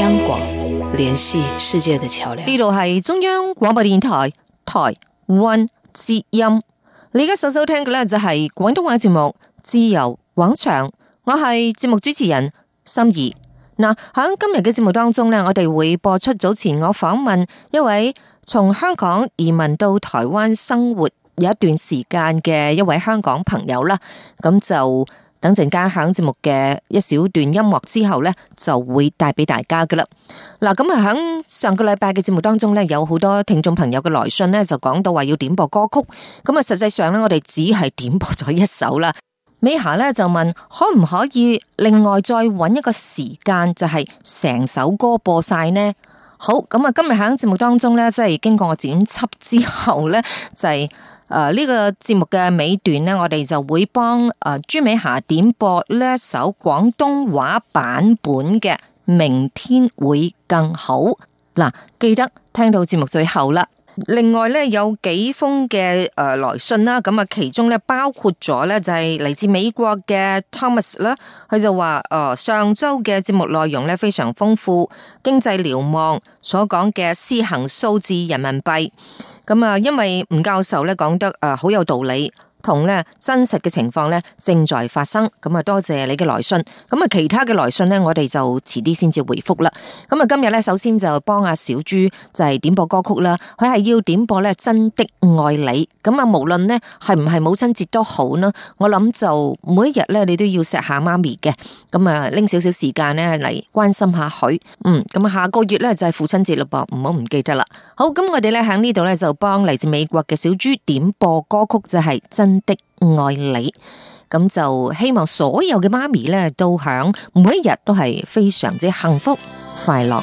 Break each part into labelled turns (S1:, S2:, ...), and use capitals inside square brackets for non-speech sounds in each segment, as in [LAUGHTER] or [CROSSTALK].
S1: 香港聯繫世界的橋梁。呢度係中央廣播電台台灣之音。你而家所收聽嘅咧就係廣東話節目《自由廣場》，我係節目主持人心怡。嗱，喺今日嘅節目當中咧，我哋會播出早前我訪問一位從香港移民到台灣生活有一段時間嘅一位香港朋友啦。咁就。等陣間響節目嘅一小段音樂之後呢，就會帶俾大家㗎啦。嗱，咁啊響上個禮拜嘅節目當中呢，有好多聽眾朋友嘅來信呢，就講到話要點播歌曲。咁啊，實際上呢，我哋只係點播咗一首啦。美霞呢，就問，可唔可以另外再揾一個時間，就係成首歌播晒呢？好，咁啊，今日響節目當中呢，即係經過我剪輯之後呢，就係。誒，呢個節目嘅尾段呢，我哋就會幫誒朱美霞點播呢一首廣東話版本嘅《明天會更好》。嗱，記得聽到節目最後啦。另外呢，有幾封嘅誒來信啦，咁啊，其中呢，包括咗呢就係嚟自美國嘅 Thomas 啦，佢就話誒上周嘅節目內容呢非常豐富，經濟瞭望所講嘅私行數字人民幣。咁啊，因為吳教授咧講得誒，好有道理。同咧真實嘅情況咧正在發生，咁啊多謝你嘅來信，咁啊其他嘅來信呢我哋就遲啲先至回覆啦。咁啊今日咧首先就幫阿小朱就係點播歌曲啦，佢係要點播咧真的愛你，咁啊無論呢係唔係母親節都好啦，我諗就每一日咧你都要錫下媽咪嘅，咁啊拎少少時間咧嚟關心下佢，嗯，咁下個月咧就係父親節啦噃，唔好唔記得啦。好，咁我哋咧喺呢度咧就幫嚟自美國嘅小朱點播歌曲，就係真的愛你，咁就希望所有嘅媽咪呢都響每一日都係非常之幸福快樂。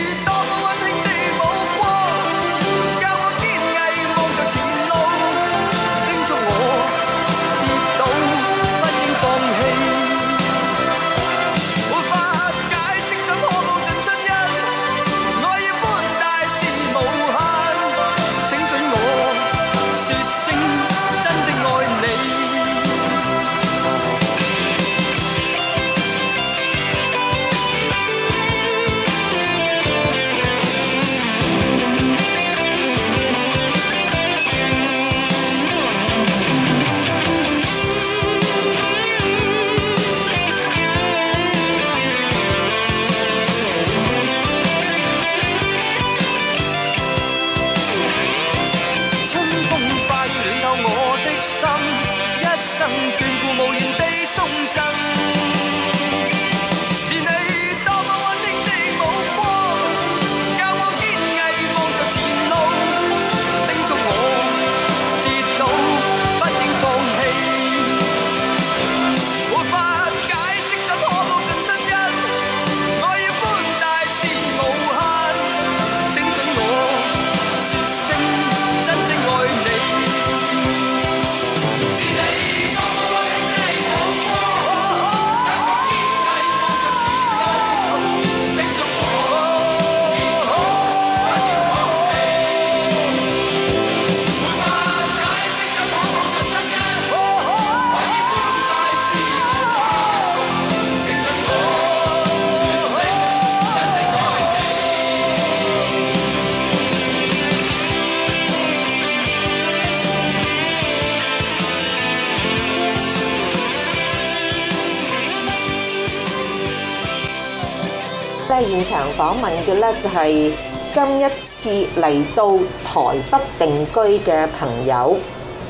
S1: 呢現場訪問嘅呢就係今一次嚟到台北定居嘅朋友，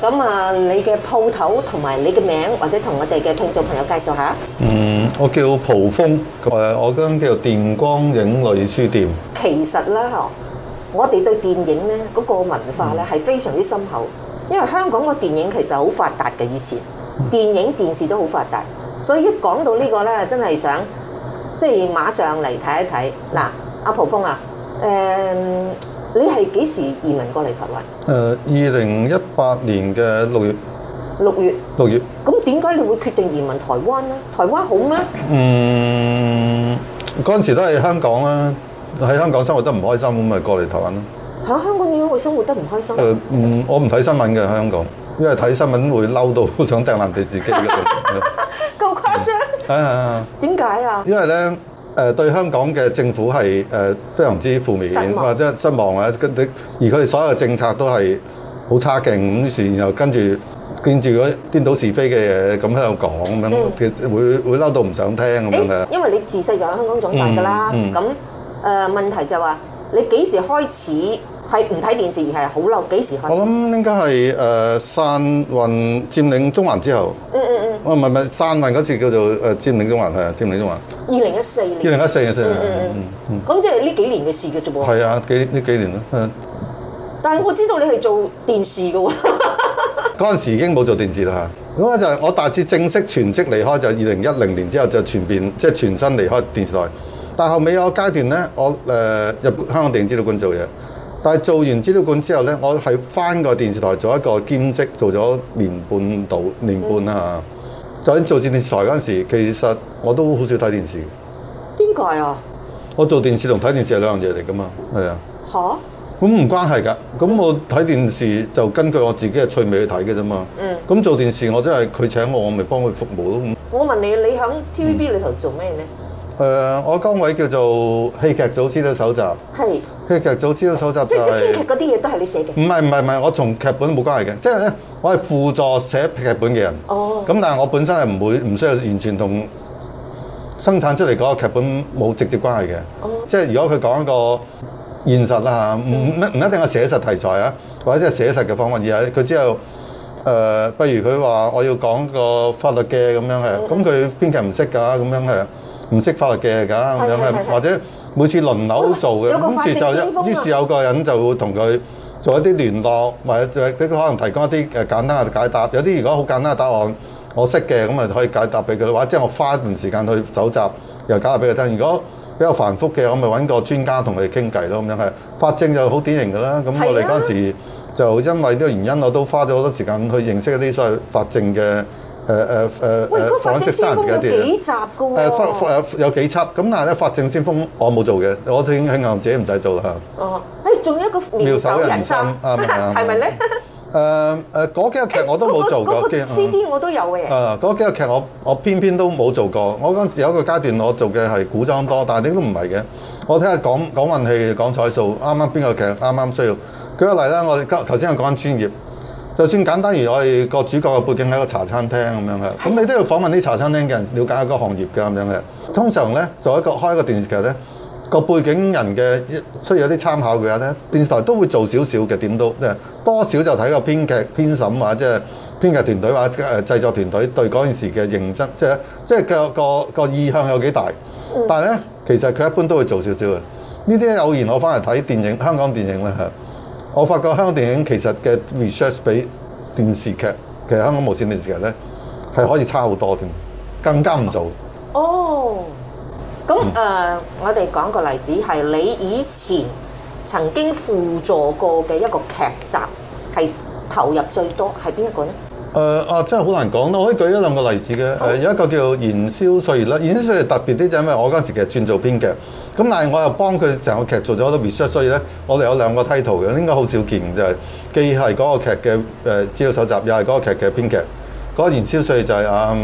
S1: 咁啊你嘅鋪頭同埋你嘅名，或者同我哋嘅聽眾朋友介紹下。
S2: 嗯，我叫蒲鋒，誒我間叫電光影裡書店。
S1: 其實呢，我哋對電影呢嗰個文化呢係非常之深厚，因為香港嘅電影其實好發達嘅，以前電影電視都好發達，所以一講到呢個呢，真係想。即、就、係、是、馬上嚟睇一睇嗱，阿蒲峯鋒啊，誒、啊嗯，你係幾時移民過嚟台灣？誒、
S2: 呃，二零一八年嘅六月。
S1: 六月。六月。咁點解你會決定移民台灣咧？台灣好咩？嗯，嗰
S2: 陣時都係香港啦，喺香港生活得唔開心咁咪過嚟台灣咯。
S1: 嚇、啊，香港點解會生活得唔開心？誒，唔，
S2: 我唔睇新聞嘅香港，因為睇新聞會嬲到想掟爛電視機。咁
S1: [LAUGHS] 誇張？嗯啊、哎！點解啊？
S2: 因為咧，誒對香港嘅政府係誒非常之負面，或者失望啊！跟而佢哋所有嘅政策都係好差勁，於是然後跟住跟住嗰啲顛倒是非嘅嘢咁喺度講咁樣，嗯、會會嬲到唔想聽咁、欸、樣。因
S1: 為你自細就喺香港長大㗎啦，咁、嗯、誒、嗯呃、問題就話、是、你幾時開始係唔睇電視而係好嬲？幾時開始？我諗
S2: 應該係誒、呃、散運佔領中環之後。
S1: 嗯嗯嗯。嗯我
S2: 唔係唔係三萬嗰次叫做誒佔領中環係啊，佔領中環二
S1: 零一四年。二零一四年四年。咁即係呢幾年嘅事嘅啫噃。係
S2: 啊，幾呢幾年咯。
S1: 但係我知道你係做電視嘅喎。
S2: 嗰 [LAUGHS] 時已經冇做電視啦嚇。咁咧就係我大致正式全職離開就係二零一零年之後就全變即係、就是、全身離開電視台。但後尾有個階段咧，我誒、呃、入香港電影資料館做嘢。但係做完資料館之後咧，我係返過電視台做一個兼職，做咗年半到年半啦嚇。嗯就喺做電視台嗰陣時，其實我都好少睇電視。
S1: 點解啊？
S2: 我做電視同睇電視係兩樣嘢嚟噶嘛，係啊。吓？咁唔關係㗎。咁我睇電視就根據我自己嘅趣味去睇嘅啫嘛。嗯。咁做電視我都係佢請我，我咪幫佢服務咯。
S1: 我問你，你喺 TVB 裏頭做咩咧？誒、嗯
S2: 呃，我崗位叫做戲劇組資料蒐集。係。佢劇組資料搜集，即係即係編劇
S1: 嗰啲嘢都係你寫
S2: 嘅？唔係唔係唔係，我同劇本冇關係嘅，即係咧，我係輔助寫劇本嘅人。哦，咁但係我本身係唔會唔需要完全同生產出嚟嗰個劇本冇直接關係嘅。即係如果佢講一個現實啦吓，唔唔一定係寫實題材啊，或者係寫實嘅方法，而係佢之後誒、呃，不如佢話我要講一個法律嘅咁樣係，咁佢編劇唔識㗎咁樣係。唔識法律嘅㗎，咁或者每次輪流做嘅，於是就於是有個人就會同佢做一啲聯絡，或者可能提供一啲簡單嘅解答。有啲如果好簡單嘅答案，我識嘅咁啊，可以解答俾佢。或者我花一段時間去搜集，又解答俾佢聽。如果比較繁複嘅，我咪揾個專家同佢傾偈咯咁樣係。法證就好典型㗎啦。咁我哋嗰時就因為呢個原因，我都花咗好多時間去認識一啲所謂法證嘅。誒誒誒誒，反、呃、色、呃呃、三自己集啲啊！
S1: 誒、呃呃，
S2: 有有幾輯咁，但係咧《法證先鋒》我冇做嘅，我已經慶幸自己唔使做啦吓。哦，仲有
S1: 一個人生妙手仁心，係咪咧？
S2: 誒誒、嗰、呃、幾個劇我都冇做過、欸那個那個，C D
S1: 我都有嘅。誒、
S2: 呃，嗰幾個劇我我偏偏都冇做過。我嗰陣有一個階段，我做嘅係古裝多，但係點都唔係嘅。我聽下講講運氣、講彩數，啱啱邊個劇啱啱需要？舉個例啦，我哋頭先係講緊專業。就算簡單，如我哋個主角嘅背景喺個茶餐廳咁樣嘅，咁你都要訪問啲茶餐廳嘅人，了解一個行業嘅咁樣嘅。通常咧，做一個開一個電視劇咧，個背景人嘅需要有啲參考嘅咧，電視台都會做少少嘅，點都即係多少就睇個編劇編審或者即係編劇團隊或者誒製作團隊對嗰件事嘅認真，即係即係個個意向有幾大。但係咧，其實佢一般都會做少少嘅。呢啲偶然，我翻嚟睇電影，香港電影咧我發覺香港電影其實嘅 research 比電視劇，其實香港無線電視劇咧係可以差好多添，更加唔做。
S1: 哦，咁誒、呃，我哋講個例子係你以前曾經輔助過嘅一個劇集，係投入最多係邊一個咧？
S2: 誒、呃、啊！真係好難講咯，我可以舉一兩個例子嘅。有、哦呃、一個叫《燃燒歲》。月》咧，《燃燒歲月》特別啲就係因為我嗰陣時其實轉做編劇，咁但係我又幫佢成個劇做咗好多 research，所以咧我哋有兩個 title 嘅，應該好少見就係、是、既係嗰個劇嘅資料搜集，又係嗰個劇嘅編劇。嗰、那個《燃燒歲、就是》月、嗯》就係啊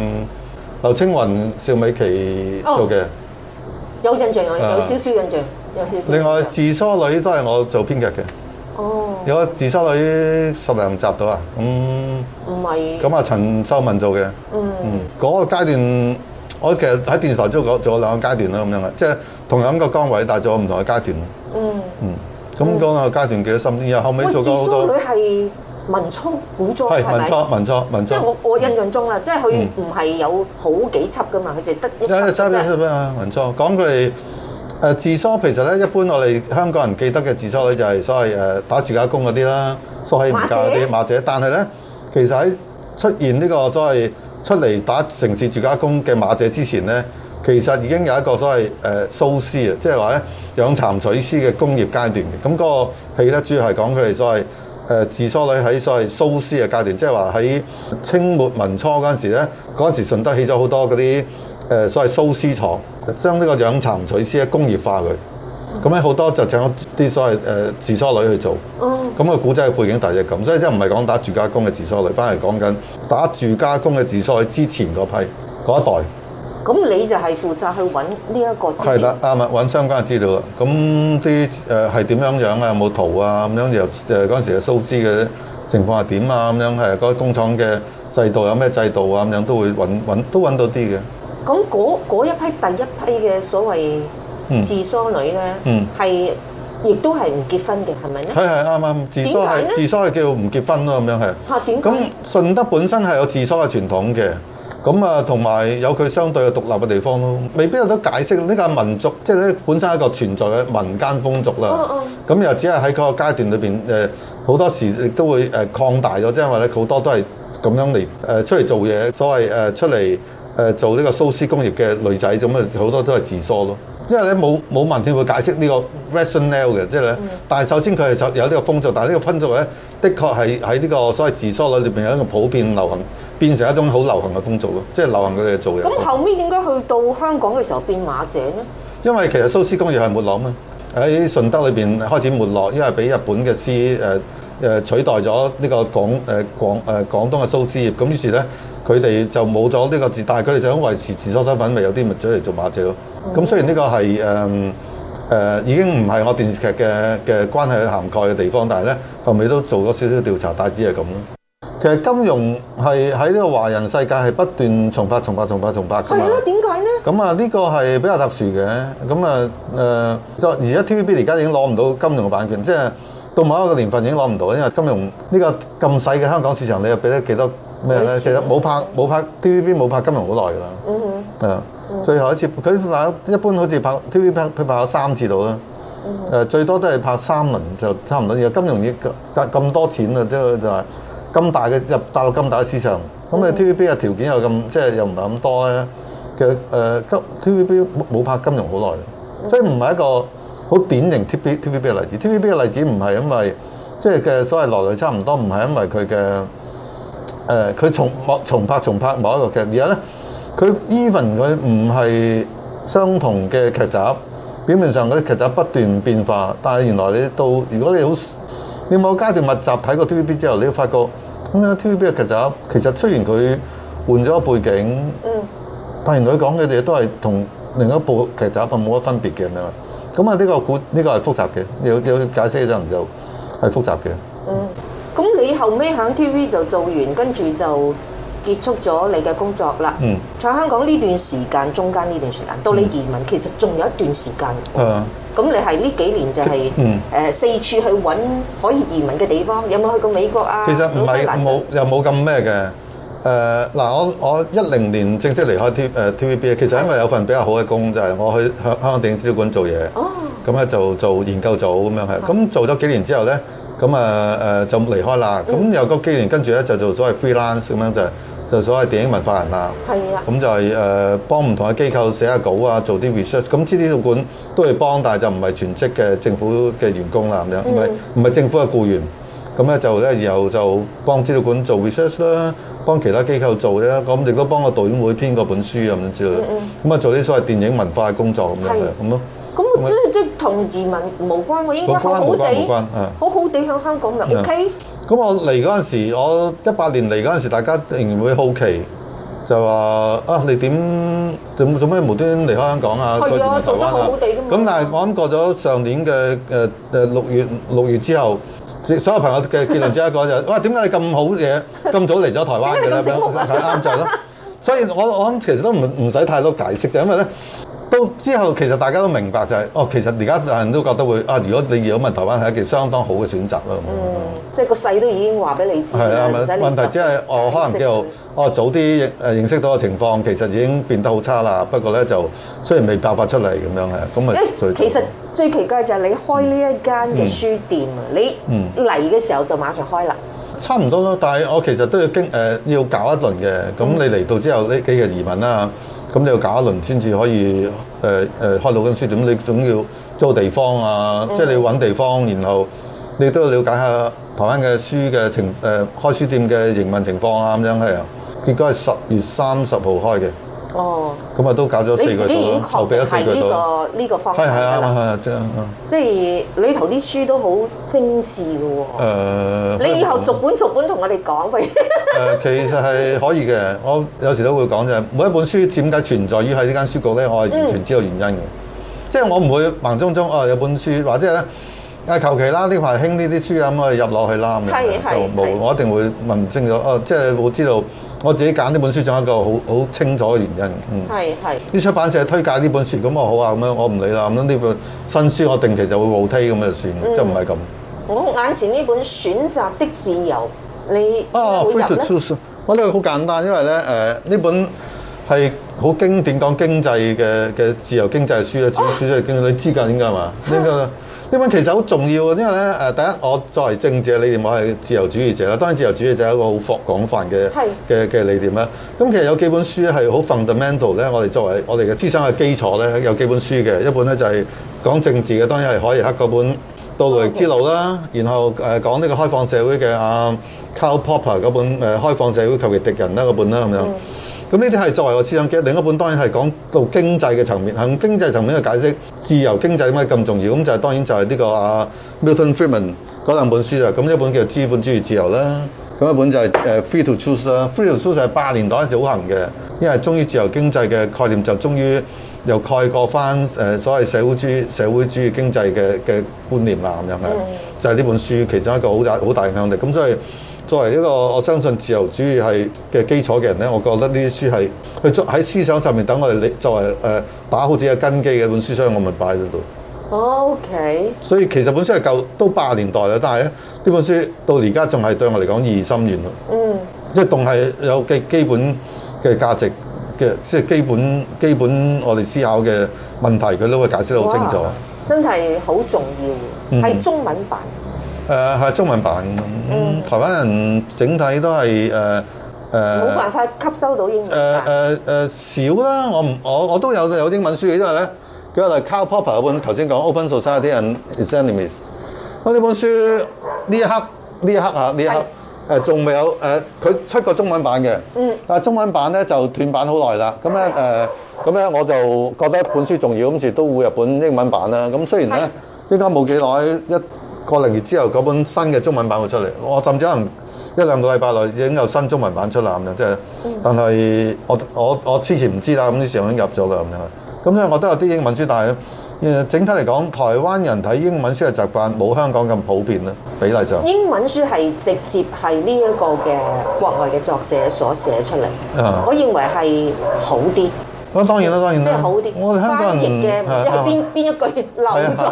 S2: 劉青雲、邵美琪做嘅、哦，
S1: 有印象，有有少少印象，有
S2: 少少印象。另外《自梳女》都係我做編劇嘅。哦、oh,，有個《自修女》十零集到啊，咁唔係，咁啊陳秀文做嘅，嗯，嗰、um, 嗯嗰個階段，我其實喺電視台做過做兩個階段啦，咁樣嘅，即係同樣個個崗位，但係做唔同嘅階段,、um, 嗯嗰個
S1: 個
S2: 階段嗯，嗯，嗯，咁嗰兩個階段幾多集先？然後後尾做過好多。《自修女》
S1: 係民初古裝，係民初民
S2: 初民初。即係我
S1: 我印象中啦，即係佢唔係有好幾輯噶嘛，佢淨係得一
S2: 輯民初講佢哋。誒自梳其實咧，一般我哋香港人記得嘅自梳女就係所謂誒打住家工嗰啲啦，梳起唔嫁嗰啲馬姐。但係咧，其實喺出現呢個所謂出嚟打城市住家工嘅馬姐之前咧，其實已經有一個所謂誒繅絲啊，即係話咧養蠶取絲嘅工業階段嘅。咁個戲咧主要係講佢哋所謂誒自梳女喺所謂繅絲嘅階段，即係話喺清末民初嗰陣時咧，嗰陣時順德起咗好多嗰啲。誒，所謂蘇絲廠將呢個養蠶取絲咧工業化佢，咁咧好多就請啲所謂誒自梳女去做。咁個古仔嘅背景大係咁，所以真唔係講打住家工嘅自梳女，反而講緊打住家工嘅自梳女之前嗰批嗰一代。
S1: 咁你就係負責去揾呢一個？係
S2: 啦，阿麥揾相關資料。咁啲誒係點樣樣啊？有冇圖啊？咁樣又誒嗰陣時嘅蘇絲嘅情況係點啊？咁樣係個工廠嘅制度有咩制度啊？咁樣都會揾揾都揾到啲嘅。
S1: 咁嗰一批第一批嘅所謂自梳女咧，係、嗯、亦、嗯、都係唔結婚嘅，
S2: 係咪咧？佢係啱啱自梳係自梳係叫唔結婚咯，咁樣係。嚇、啊、點？咁順德本身係有自梳嘅傳統嘅，咁啊同埋有佢相對嘅獨立嘅地方咯。未必有得解釋呢、呢個民族，即係咧本身係一個存在嘅民間風俗啦。咁、啊啊、又只係喺嗰個階段裏邊誒，好多時都會誒擴大咗，即因為咧好多都係咁樣嚟誒出嚟做嘢，所謂誒出嚟。誒做呢個蘇絲工業嘅女仔，咁啊好多都係自梳咯。因為咧冇冇問題會解釋呢個 rationale 嘅，即係咧。但係首先佢係有呢個風俗，但係呢個風俗咧，的確係喺呢個所謂自梳裏邊有一個普遍流行，變成一種好流行嘅風俗咯，即係流行佢哋做嘅。咁後
S1: 面點解去到香港嘅時候變馬井咧？
S2: 因為其實蘇絲工業係沒落啊，喺順德裏面開始沒落，因為俾日本嘅絲誒取代咗呢個廣誒廣誒廣東嘅蘇絲業，咁於是咧。佢哋就冇咗呢個字，但係佢哋就想維持自身身份，咪有啲咪追嚟做馬仔咯。咁、嗯、雖然呢個係誒誒已經唔係我電視劇嘅嘅關係去涵蓋嘅地方，但係咧後尾都做咗少少調查，大致係咁。其實金融係喺呢個華人世界係不斷重複、重複、重複、重複嘅。係咯，點解咧？咁啊，呢個係比較特殊嘅。咁啊誒，就、呃、而家 TVB 而家已經攞唔到金融嘅版權，即、就、係、是、到某一個年份已經攞唔到，因為金融呢、這個咁細嘅香港市場，你又俾得幾多？咩咧？其實冇拍冇拍 TVB 冇拍金融好耐噶啦，啊、mm -hmm. 最後一次佢一般好似拍 TVB 佢拍咗三次度啦，誒、mm -hmm. 最多都係拍三輪就差唔多。而金融業賺咁多錢啦，即係就係、是、咁大嘅入大陸咁大嘅市場，咁、mm、啊 -hmm. TVB 嘅條件又咁即係又唔係咁多咧，其實誒金 TVB 冇拍金融好耐，mm -hmm. 所以唔係一個好典型 TVB TVB 嘅例子。TVB 嘅例子唔係因為即係嘅所謂來來差唔多，唔係因為佢嘅。誒佢重，重拍重拍重拍某一個劇，而家咧佢 even 佢唔係相同嘅劇集，表面上佢啲劇集不斷變化，但係原來你到如果你好，你某階段密集睇過 TVB 之後，你會發覺 TVB 嘅劇集其實雖然佢換咗背景，嗯，但原來佢講嘅嘢都係同另一部劇集冇乜分別嘅，明嘛？咁啊呢個呢、呢個係複雜嘅，有有解釋就係複雜嘅，嗯。
S1: 後尾喺 TV 就做完，跟住就結束咗你嘅工作啦。嗯，在香港呢段時間，嗯、中間呢段時間到你移民，嗯、其實仲有一段時間。咁、嗯、你係呢幾年就係、是、誒、嗯、四處去揾可以移民嘅地方，有冇去過美國啊？其實唔係、呃，我
S2: 又冇咁咩嘅。誒嗱，我我一零年正式離開 TVB，其實因為有一份比較好嘅工作，就係、是、我去香港電影資料館做嘢。哦，咁咧就做研究組咁樣係，咁、啊、做咗幾年之後呢。咁啊誒就離開啦、嗯。咁有個機緣，跟住咧就做所謂 freelance 咁樣就就所謂電影文化人啦。係啦。咁就係誒幫唔同嘅機構寫下稿啊，做啲 research。咁資料館都係幫，但係就唔係全職嘅政府嘅員工啦，咁樣唔係唔係政府嘅僱員。咁咧就咧然後就幫資料館做 research 啦，幫其他機構做咧。咁亦都幫個導演會編個本書咁之類。咁、嗯、啊做啲所謂電影文化嘅工作咁樣嘅咁咯。
S1: 咁我即係即係同移民無關喎，應該好，無關無關無關好好地好好地喺香
S2: 港咪 OK？咁我嚟嗰陣時，我一八年嚟嗰陣時，大家仍然會好奇，就話啊，你點做做咩無端端離開香港啊？係啊，做得好好地咁咁，但係我諗過咗上年嘅誒誒六月六月之後，所有朋友嘅結論之一講就： [LAUGHS] 哇，點解你咁好嘢咁早嚟咗台灣嘅咧？睇啱就係囉。嗯、 [LAUGHS] 所以我我諗其實都唔唔使太多解釋，就因為咧。到之後，其實大家都明白就係哦，其實而家大家都覺得會啊。如果你如果問台灣係一件相當好嘅選擇咯，嗯，即
S1: 係個勢都已經話俾你知，係啊。問題只
S2: 係我可能叫哦早啲誒認識到個情況，其實已經變得好差啦。不過咧就雖然未爆發出嚟咁樣嘅。咁啊其實
S1: 最奇怪就係你開呢一間嘅書店啊、嗯，你嚟嘅時候就馬上開啦、嗯
S2: 嗯，差唔多啦。但係我其實都要經誒、呃、要搞一輪嘅。咁你嚟到之後呢、嗯、幾個移民啦。咁你要搞一輪先至可以，誒誒開到間書店，你總要租地方啊，即係你揾地方，然後你都要了解一下台灣嘅書嘅情，誒開書店嘅營運情況啊咁樣係啊，結果係十月三十號開嘅。哦，咁啊都搞咗四個多已經、籌備四個多，投俾咗
S1: 四個多。呢、這、係、個、
S2: 方嘛，係啊，即係，
S1: 即係裏頭啲書都好精緻嘅喎、
S2: 哦呃。你以後逐
S1: 本逐本同我哋講，佢、
S2: 呃呃、其實係可以嘅。我有時都會講嘅，每一本書點解存在於喺呢間書局咧，我係完全知道原因嘅。即、嗯、係、就是、我唔會盲中中哦有本書，或者咧。啊，求其啦！呢排興呢啲書啊，咁啊入落去啦咁，就冇，我一定會問清楚。哦、啊，即係我知道我自己揀呢本書仲有一個好好清楚嘅原因。嗯，係係。啲出版社推介呢本書，咁我好啊，咁樣我唔理啦。咁樣呢本新書我定期就會冇推咁啊，就算，就唔係咁。我
S1: 眼前呢本《選擇的自由》你，你冇入
S2: 咧？我呢、啊這個好簡單，因為咧誒呢本係好經典講經濟嘅嘅自由經濟書嘅，總之經濟你知㗎，點解嘛？呢、這個呢本其實好重要嘅，因為咧誒，第一我作為政治嘅理念，我係自由主義者啦。當然自由主義就係一個好廣廣泛嘅嘅嘅理念啦。咁其實有幾本書係好 fundamental 咧，我哋作為我哋嘅思想嘅基礎咧，有幾本書嘅。一本咧就係講政治嘅，當然係海耶克嗰本《到奴役之路》啦、okay。然後誒講呢個開放社會嘅啊 Carl Popper 嗰本誒《開放社會及其敵人》嗰本啦，嗰本啦咁樣。咁呢啲係作為個思想嘅另一本，當然係講到經濟嘅層面。喺經濟層面嘅解釋，自由經濟點解咁重要？咁就係、是、當然就係呢、這個啊 Milton Friedman 嗰兩本書啦。咁一本叫《資本主義自由》啦，咁一本就係《Free to Choose》啦。《Free to Choose》就係八年代時好行嘅，因為終於自由經濟嘅概念就終於又蓋過翻所謂社會主義社會主義經濟嘅嘅觀念啦。咁樣係就係、是、呢本書其中一個好大好大影響力。咁所以。作為一個我相信自由主義係嘅基礎嘅人咧，我覺得呢啲書係佢喺思想上面等我哋作為誒打好自己嘅根基嘅本書所以我咪擺喺度。O K。所以其實本書係舊都八十年代啦，但係咧呢本書到而家仲係對我嚟講意義深遠咯。嗯。即係仲係有嘅基本嘅價值嘅，即係基本基本我哋思考嘅問題，佢都會解釋得好清楚。
S1: 真係好重要，係中文版的。
S2: 誒，係中文版。嗯，台灣人整體都係誒誒，冇、嗯呃、辦法吸收到英文，呃呃呃。少啦，我唔我我都有有英文書嘅，因為咧，佢就係 Karl Popper 本頭先講 Open Society and Its Enemies，我呢本書呢一刻呢一刻啊呢一刻仲未有，誒，佢出過中文版嘅，嗯，但中文版咧就斷版好耐啦。咁咧咁咧我就覺得本書重要，咁時都會有本英文版啦。咁雖然咧依家冇幾耐一。個零月之後，嗰本新嘅中文版會出嚟。我甚至可能一兩個禮拜內已經有新中文版出嚟。咁樣即係。但係我我我之前唔知啦，咁嗰時候已經入咗啦，咁樣。咁所以我都有啲英文書，但係誒整體嚟講，台灣人睇英文書嘅習慣冇香港咁普遍啦，比例上。英
S1: 文書係直接係呢一個嘅國外嘅作者所寫出嚟，uh. 我認為係好啲。咁當然啦，
S2: 當然啦。然了即係、好啲。我哋香港人嘅唔、啊、知係
S1: 邊邊一句漏咗，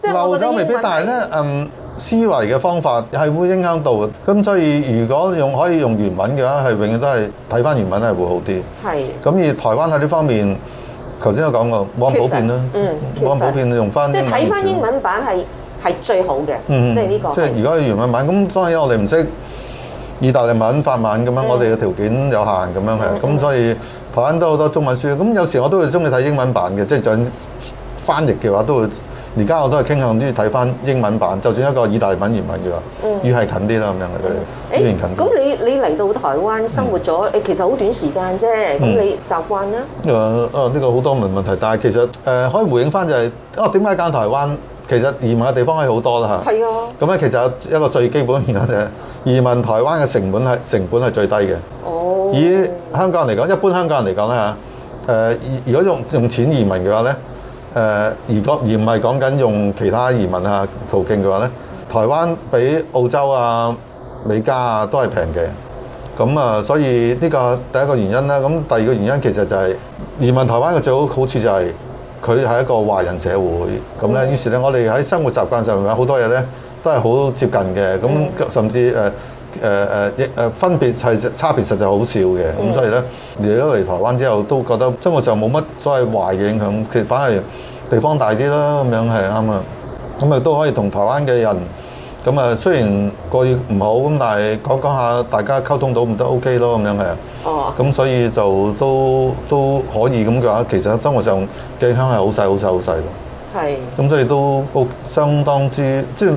S1: 即係漏咗未必。是啊、但係咧，
S2: 嗯，思維嘅方法係會影響到嘅，咁所以如果用可以用原文嘅話，係永遠都係睇翻原文都係會好啲。係。咁而台灣喺呢方面，頭先有講過，冇咁普遍啦，嗯，冇咁普遍用翻。即係睇翻英
S1: 文版係係最好嘅，即係呢個。即
S2: 係如果係原文版，咁當然我哋唔識。意大利文、法文咁樣，的我哋嘅條件有限咁樣，係，咁所以台灣都好多中文書。咁有時候我都會中意睇英文版嘅，即係準翻譯嘅話都會，都而家我都係傾向中意睇翻英文版。就算一個意大利文原文語語係近啲啦，咁樣嘅。欸、近咁
S1: 你你嚟到台灣生活咗，誒、嗯、其實好短時間啫，咁你習慣
S2: 啦？誒、嗯、啊、呃，呢、呃這個好多問問題，但係其實誒、呃、可以回應翻就係、是，哦、啊，點解揀台灣？其實移民嘅地方係好多啦嚇，咁咧其實有一個最基本原因就係移民台灣嘅成本係成本係最低嘅。哦，以香港人嚟講，一般香港人嚟講咧，誒如果用用錢移民嘅話咧，誒而講而唔係講緊用其他移民呀途徑嘅話咧，台灣比澳洲啊、美加啊都係平嘅。咁啊，所以呢個第一個原因啦，咁第二個原因其實就係移民台灣嘅最好好處就係、是。佢係一個華人社會，咁咧，於是咧，我哋喺生活習慣上有好多嘢咧都係好接近嘅，咁甚至誒誒分別係差別實在好少嘅，咁所以咧，嚟咗嚟台灣之後，都覺得真係就冇乜所謂的壞嘅影響，其實反而地方大啲啦，咁樣係啱啊，咁啊都可以同台灣嘅人。咁啊，雖然個嘢唔好咁，但係講講下大家溝通到唔得，O K 咯咁樣嘅。哦。咁所以就都都可以咁嘅話，其實生活上嘅鄉係好細、好細、好細咯。係。咁所以都相當之即係誒、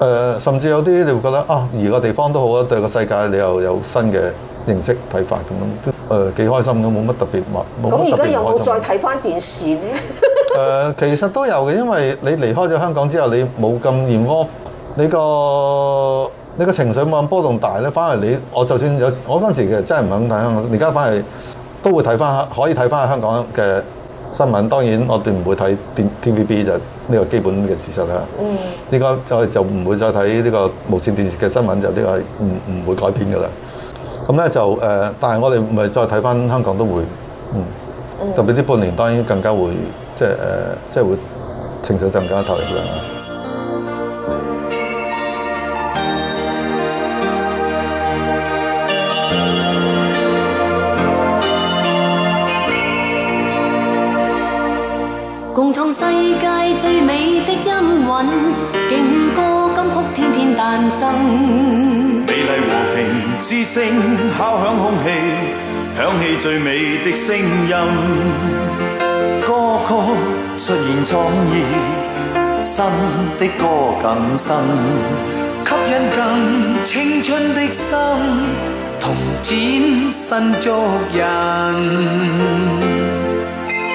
S2: 呃，甚至有啲你會覺得啊，而個地方都好啊，對個世界你又有新嘅認識、睇法咁樣都誒幾、呃、開心咁，冇乜特別物。咁而家有冇再
S1: 睇翻電視
S2: 呢？誒、 [LAUGHS] 呃，其實都有嘅，因為你離開咗香港之後，你冇咁嚴苛。你個你個情緒冇咁波動大咧，反而你我就算有我嗰陣時其實真係唔肯睇，香港。現在反而家翻嚟都會睇翻，可以睇翻香港嘅新聞。當然我哋唔會睇 TVB 就呢個基本嘅事實啦。嗯，依家再就唔會再睇呢個無線電視嘅新聞，就、係、呢個唔唔會改編㗎啦。咁咧就誒、呃，但係我哋唔係再睇翻香港都會，嗯，特別呢半年當然更加會即係誒，即係會情緒就更加投入啦。
S3: 共創世界最美的音韻，勁歌金曲天天誕生。
S4: 美麗和平之聲敲響空氣，響起最美的聲音。歌曲出現創意，新的歌更新，吸引更青春的心，同展新足印。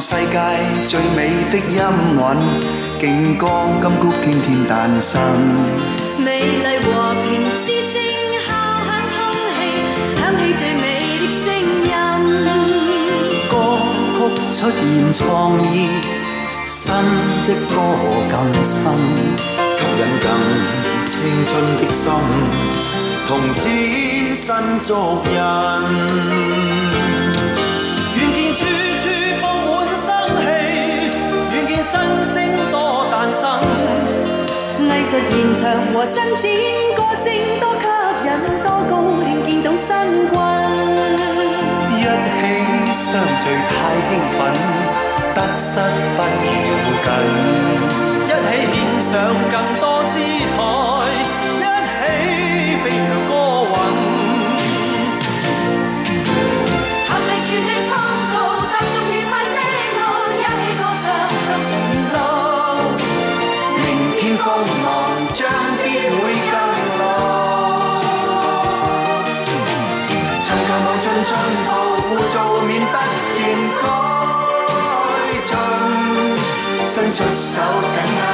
S4: 世界最美的音韻，勁歌金曲天天誕生。
S3: 美麗和平之聲敲響空氣，響起最美的聲音。
S4: 歌曲出現創意，新的歌更新，吸引更青春的心，同展新足印。現場和新展，歌聲多吸引，多高興，見到新君。一起相聚太興奮，得失不要緊，一起獻上更多。
S3: 出手簡單。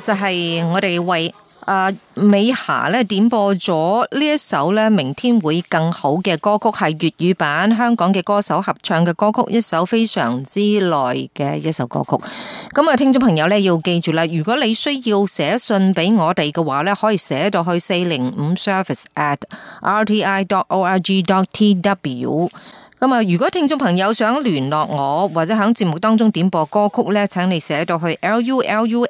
S1: 就係、是、我哋為誒美霞咧點播咗呢一首咧明天會更好嘅歌曲，係粵語版香港嘅歌手合唱嘅歌曲，一首非常之耐嘅一首歌曲。咁啊，聽眾朋友咧要記住啦，如果你需要寫信俾我哋嘅話咧，可以寫到去四零五 service at rti.org.tw。咁啊，如果聽眾朋友想聯絡我，或者喺節目當中點播歌曲咧，請你寫到去 lulu@rti.org。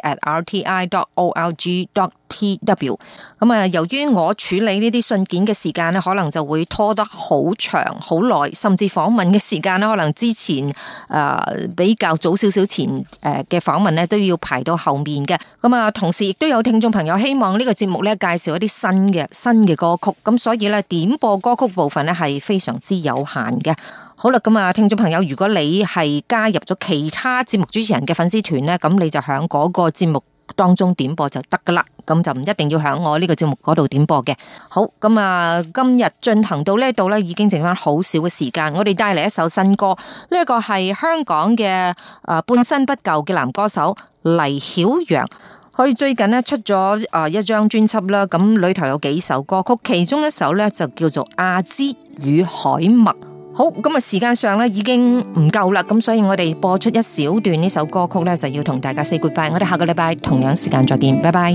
S1: T.W. 咁啊，由於我處理呢啲信件嘅時間咧，可能就會拖得好長好耐，甚至訪問嘅時間咧，可能之前誒、呃、比較早少少前誒嘅訪問咧，都要排到後面嘅。咁啊，同時亦都有聽眾朋友希望呢個節目咧介紹一啲新嘅新嘅歌曲，咁所以咧點播歌曲部分咧係非常之有限嘅。好啦，咁啊，聽眾朋友，如果你係加入咗其他節目主持人嘅粉絲團咧，咁你就響嗰個節目。當中點播就得噶啦，咁就唔一定要響我呢個節目嗰度點播嘅。好，咁啊，今日進行到呢度呢，已經剩翻好少嘅時間。我哋帶嚟一首新歌，呢、這、一個係香港嘅誒、呃、半新不舊嘅男歌手黎曉陽，佢最近呢出咗誒一張專輯啦，咁裏頭有幾首歌曲，其中一首呢就叫做《阿芝與海默》。好，咁啊，時間上呢已經唔夠啦，咁所以我哋播出一小段呢首歌曲呢，就要同大家 say goodbye。我哋下個禮拜同樣時間再見，拜拜。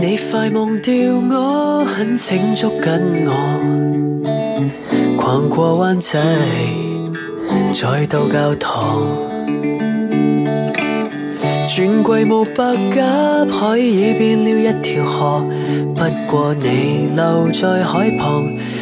S1: 你快忘掉
S4: 我，懇請捉緊我，逛過灣仔，再到教堂，轉季無白鴿，海已變了一條河，不過你留在海旁。